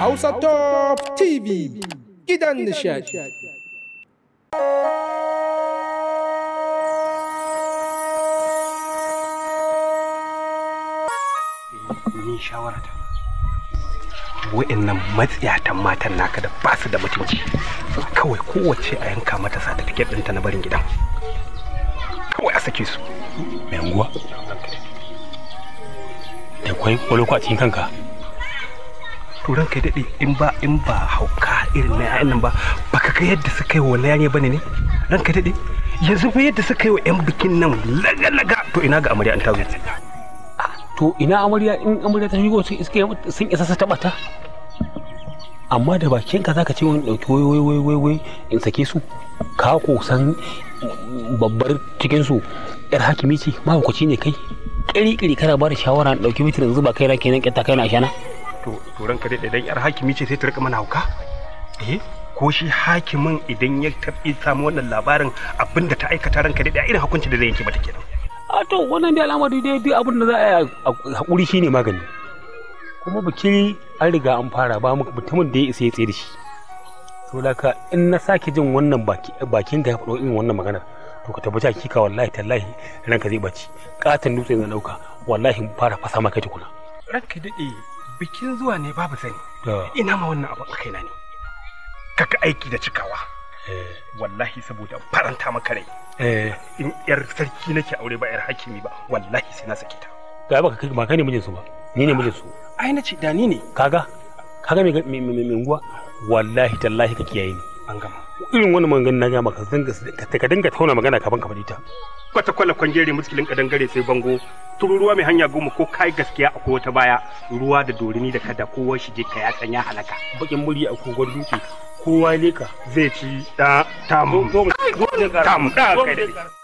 Hausa Top TV gidan nishadi. Ni shawara ta. matsiyatan matan naka da ba su da mutunci. Kawai kowace a yanka mata satifiket ɗinta na barin gidan. Kawai a sake su. Mai unguwa. Da kwai kwalo kanka. to ka ya daɗe in ba in ba hauka irin na yayan nan ba baka ga yadda suka yi wa layanye bane ne ranka ya daɗe yanzu fa yadda suka yi wa yan bikin nan laga laga to ina ga amarya an tazo to ina amarya in amarya ta shigo sun isa su taɓa ta amma da bakin ka zaka ce wani dauki wai wai wai wai in sake su ka ko san babbar cikin su yar hakimi ce mahaukaci ne kai kiri kiri kana ba da shawara dauki mitin yanzu ba kai na kenan kyanta kai na shana to to ranka dai dan yar hakimi ce sai ta rika mana hauka eh ko shi hakimin idan ya tabbi samu wannan labarin abinda ta aikata ranka dai irin hukunci da zai yanke mata kenan a to wannan dai alamar dai dai abin da za a hakuri shine magani kuma biki an riga an fara ba mu mutumin da ya isa ya tsaye da shi to laka in na sake jin wannan baki bakin da ya faɗo irin wannan maganar to ka tabbata kika wallahi tallahi ranka zai baci katin dutse na dauka wallahi fara fasa maka tukuna ranka dai bikin zuwa ne babu sani ina ma wannan abu a na ne kaka aiki da cikawa eh. wallahi saboda faranta maka rai eh. in yar sarki nake aure ba yar hakimi ba wallahi sai na sake ta ga baka kai ba kai ne mijin su ba ni ne mijin su ai nace da ni ne kaga kaga me me me nguwa wallahi tallahi kake yayi ni an gama irin wani magana na gama ka zanga ka dinga tauna magana ka banka ta kwata kwala kwangere muskilin gare sai bango ruwa mai hanya goma ko kai gaskiya akwai wata baya ruwa da dorini da kada kowa shige ka ya sanya halaka bakin muri a kogon dutse kowa ne ka zai ci da tamu tamu da kai